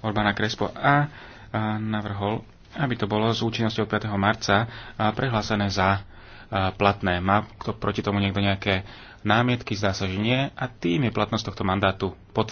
Orbána Krespo a navrhol, aby to bolo s účinnosťou 5. marca prehlásené za platné. Má proti tomu niekto nejaké námietky? Zdá sa, že nie. A tým je platnosť tohto mandátu potvrdená.